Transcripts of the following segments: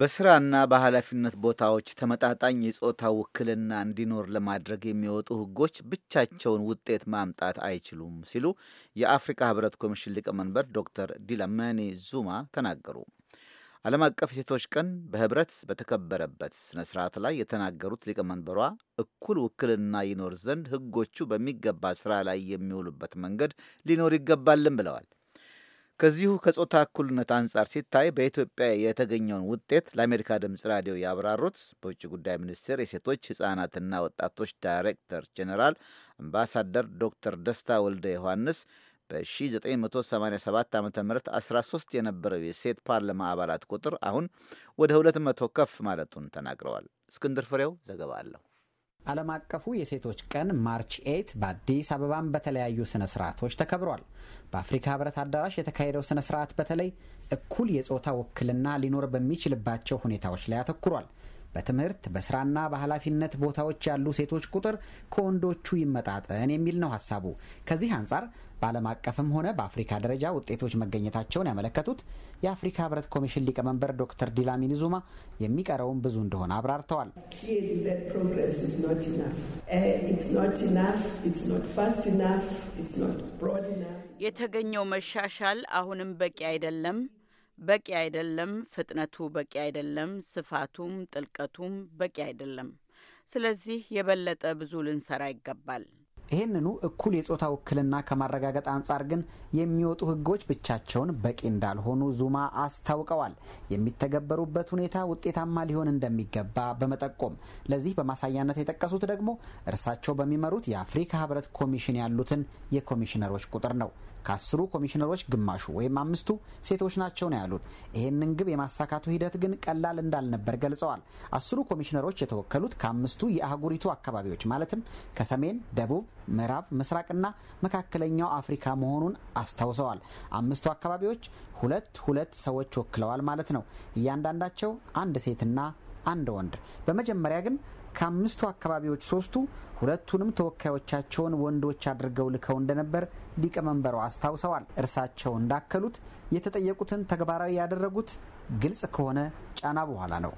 በስራና በኃላፊነት ቦታዎች ተመጣጣኝ የጾታ ውክልና እንዲኖር ለማድረግ የሚወጡ ህጎች ብቻቸውን ውጤት ማምጣት አይችሉም ሲሉ የአፍሪካ ህብረት ኮሚሽን ሊቀመንበር ዶክተር ዲላመኒ ዙማ ተናገሩ። ዓለም አቀፍ የሴቶች ቀን በህብረት በተከበረበት ስነ ስርዓት ላይ የተናገሩት ሊቀመንበሯ እኩል ውክልና ይኖር ዘንድ ህጎቹ በሚገባ ስራ ላይ የሚውሉበት መንገድ ሊኖር ይገባልን ብለዋል። ከዚሁ ከጾታ እኩልነት አንጻር ሲታይ በኢትዮጵያ የተገኘውን ውጤት ለአሜሪካ ድምፅ ራዲዮ ያብራሩት በውጭ ጉዳይ ሚኒስቴር የሴቶች ሕፃናትና ወጣቶች ዳይሬክተር ጄኔራል አምባሳደር ዶክተር ደስታ ወልደ ዮሐንስ በ1987 ዓ ም 13 የነበረው የሴት ፓርላማ አባላት ቁጥር አሁን ወደ 200 ከፍ ማለቱን ተናግረዋል። እስክንድር ፍሬው ዘገባ አለው። ዓለም አቀፉ የሴቶች ቀን ማርች ኤት በአዲስ አበባን በተለያዩ ስነ ስርዓቶች ተከብሯል። በአፍሪካ ህብረት አዳራሽ የተካሄደው ስነ ስርዓት በተለይ እኩል የጾታ ውክልና ሊኖር በሚችልባቸው ሁኔታዎች ላይ አተኩሯል። በትምህርት በስራና በኃላፊነት ቦታዎች ያሉ ሴቶች ቁጥር ከወንዶቹ ይመጣጠን የሚል ነው ሀሳቡ። ከዚህ አንጻር በዓለም አቀፍም ሆነ በአፍሪካ ደረጃ ውጤቶች መገኘታቸውን ያመለከቱት የአፍሪካ ህብረት ኮሚሽን ሊቀመንበር ዶክተር ዲላሚኒ ዙማ የሚቀረውም ብዙ እንደሆነ አብራርተዋል። eh, የተገኘው መሻሻል አሁንም በቂ አይደለም። በቂ አይደለም፣ ፍጥነቱ በቂ አይደለም፣ ስፋቱም ጥልቀቱም በቂ አይደለም። ስለዚህ የበለጠ ብዙ ልንሰራ ይገባል። ይህንኑ እኩል የጾታ ውክልና ከማረጋገጥ አንጻር ግን የሚወጡ ሕጎች ብቻቸውን በቂ እንዳልሆኑ ዙማ አስታውቀዋል። የሚተገበሩበት ሁኔታ ውጤታማ ሊሆን እንደሚገባ በመጠቆም ለዚህ በማሳያነት የጠቀሱት ደግሞ እርሳቸው በሚመሩት የአፍሪካ ሕብረት ኮሚሽን ያሉትን የኮሚሽነሮች ቁጥር ነው። ከአስሩ ኮሚሽነሮች ግማሹ ወይም አምስቱ ሴቶች ናቸው ነው ያሉት። ይህንን ግብ የማሳካቱ ሂደት ግን ቀላል እንዳልነበር ገልጸዋል። አስሩ ኮሚሽነሮች የተወከሉት ከአምስቱ የአህጉሪቱ አካባቢዎች ማለትም ከሰሜን፣ ደቡብ፣ ምዕራብ፣ ምስራቅና መካከለኛው አፍሪካ መሆኑን አስታውሰዋል። አምስቱ አካባቢዎች ሁለት ሁለት ሰዎች ወክለዋል ማለት ነው። እያንዳንዳቸው አንድ ሴትና አንድ ወንድ። በመጀመሪያ ግን ከአምስቱ አካባቢዎች ሶስቱ ሁለቱንም ተወካዮቻቸውን ወንዶች አድርገው ልከው እንደነበር ሊቀመንበሩ አስታውሰዋል። እርሳቸው እንዳከሉት የተጠየቁትን ተግባራዊ ያደረጉት ግልጽ ከሆነ ጫና በኋላ ነው።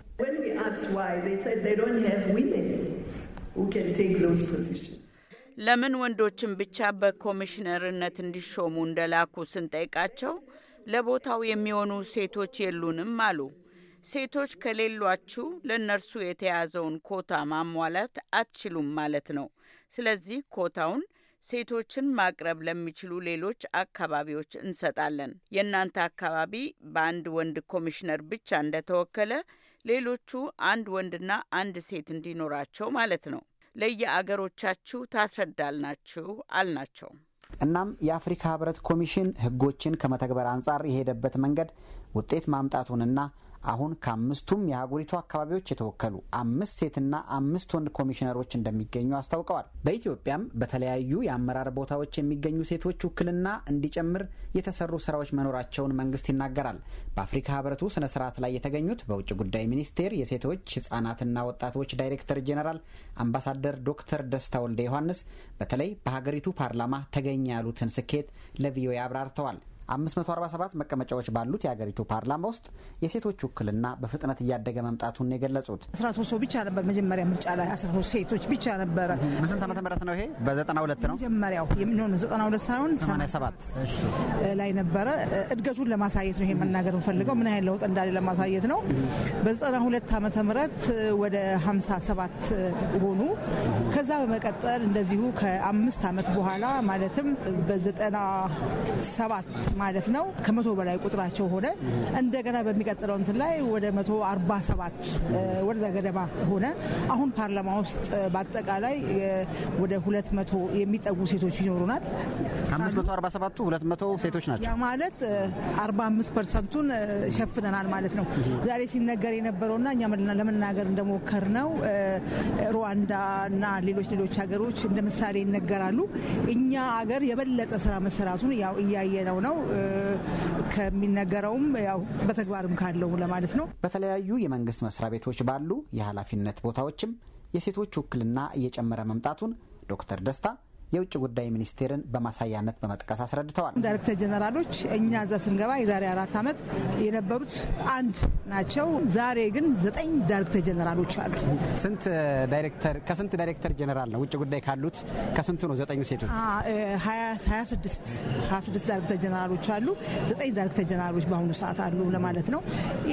ለምን ወንዶችን ብቻ በኮሚሽነርነት እንዲሾሙ እንደላኩ ስንጠይቃቸው ለቦታው የሚሆኑ ሴቶች የሉንም አሉ። ሴቶች ከሌሏችሁ ለእነርሱ የተያዘውን ኮታ ማሟላት አትችሉም ማለት ነው። ስለዚህ ኮታውን ሴቶችን ማቅረብ ለሚችሉ ሌሎች አካባቢዎች እንሰጣለን። የእናንተ አካባቢ በአንድ ወንድ ኮሚሽነር ብቻ እንደተወከለ ሌሎቹ አንድ ወንድና አንድ ሴት እንዲኖራቸው ማለት ነው። ለየአገሮቻችሁ ታስረዳልናችሁ አልናቸው። እናም የአፍሪካ ሕብረት ኮሚሽን ሕጎችን ከመተግበር አንጻር የሄደበት መንገድ ውጤት ማምጣቱንና አሁን ከአምስቱም የአህጉሪቱ አካባቢዎች የተወከሉ አምስት ሴትና አምስት ወንድ ኮሚሽነሮች እንደሚገኙ አስታውቀዋል። በኢትዮጵያም በተለያዩ የአመራር ቦታዎች የሚገኙ ሴቶች ውክልና እንዲጨምር የተሰሩ ስራዎች መኖራቸውን መንግስት ይናገራል። በአፍሪካ ህብረቱ ስነ ስርዓት ላይ የተገኙት በውጭ ጉዳይ ሚኒስቴር የሴቶች ህጻናትና ወጣቶች ዳይሬክተር ጄኔራል አምባሳደር ዶክተር ደስታ ወልደ ዮሐንስ በተለይ በሀገሪቱ ፓርላማ ተገኘ ያሉትን ስኬት ለቪኦኤ አብራርተዋል። 547 መቀመጫዎች ባሉት የአገሪቱ ፓርላማ ውስጥ የሴቶች ውክልና በፍጥነት እያደገ መምጣቱን የገለጹት 13 ሰው ብቻ ነበር መጀመሪያ ምርጫ ላይ 13 ሴቶች ብቻ ነበረ። በስንት ዓመተ ምህረት ነው ይሄ? በ92 ነው መጀመሪያው የሚሆኑ 92 ሳይሆን 87 ላይ ነበረ። እድገቱን ለማሳየት ነው ይሄ መናገር የምፈልገው ምን ያህል ለውጥ እንዳለ ለማሳየት ነው። በ92 ዓመተ ምህረት ወደ 57 ሆኑ። ከዛ በመቀጠል እንደዚሁ ከአምስት ዓመት በኋላ ማለትም በ97 ማለት ነው ከመቶ በላይ ቁጥራቸው ሆነ። እንደገና በሚቀጥለው እንትን ላይ ወደ መቶ አርባ ሰባት ወደዛ ገደማ ሆነ። አሁን ፓርላማ ውስጥ በአጠቃላይ ወደ ሁለት መቶ የሚጠጉ ሴቶች ይኖሩናል። አምስት መቶ አርባ ሰባቱ ሁለት መቶ ሴቶች ናቸው። ያ ማለት አርባ አምስት ፐርሰንቱን ሸፍነናል ማለት ነው። ዛሬ ሲነገር የነበረውና እኛ ለመናገር እንደሞከር ነው ሩዋንዳ እና ሌሎች ሌሎች ሀገሮች እንደ ምሳሌ ይነገራሉ። እኛ አገር የበለጠ ስራ መሰራቱን ያው እያየነው ነው። ከሚነገረውም ያው በተግባርም ካለው ለማለት ነው። በተለያዩ የመንግስት መስሪያ ቤቶች ባሉ የኃላፊነት ቦታዎችም የሴቶች ውክልና እየጨመረ መምጣቱን ዶክተር ደስታ የውጭ ጉዳይ ሚኒስቴርን በማሳያነት በመጥቀስ አስረድተዋል። ዳይሬክተር ጀነራሎች እኛ እዛ ስንገባ የዛሬ አራት ዓመት የነበሩት አንድ ናቸው። ዛሬ ግን ዘጠኝ ዳይሬክተር ጀነራሎች አሉ። ስንት ዳይሬክተር ከስንት ዳይሬክተር ጀነራል ነው ውጭ ጉዳይ ካሉት ከስንቱ ነው ዘጠኙ ሴቶች? ሀያ ስድስት ዳይሬክተር ጀነራሎች አሉ። ዘጠኝ ዳይሬክተር ጀነራሎች በአሁኑ ሰዓት አሉ ለማለት ነው።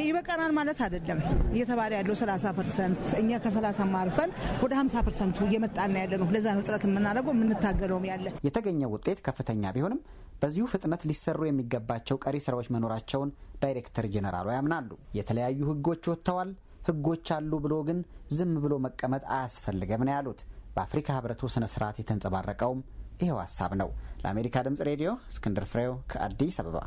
ይበቃናል ማለት አይደለም እየተባለ ያለው ሰላሳ ፐርሰንት እኛ ከሰላሳ ማርፈን ወደ ሀምሳ ፐርሰንቱ እየመጣና ያለ ነው። ለዛ ነው ጥረት የምናደርገው የምንታገለውም ያለ የተገኘው ውጤት ከፍተኛ ቢሆንም በዚሁ ፍጥነት ሊሰሩ የሚገባቸው ቀሪ ስራዎች መኖራቸውን ዳይሬክተር ጄኔራሉ ያምናሉ። የተለያዩ ህጎች ወጥተዋል። ህጎች አሉ ብሎ ግን ዝም ብሎ መቀመጥ አያስፈልገም ነው ያሉት። በአፍሪካ ህብረቱ ስነ ስርዓት የተንጸባረቀውም ይኸው ሀሳብ ነው። ለአሜሪካ ድምጽ ሬዲዮ እስክንድር ፍሬው ከአዲስ አበባ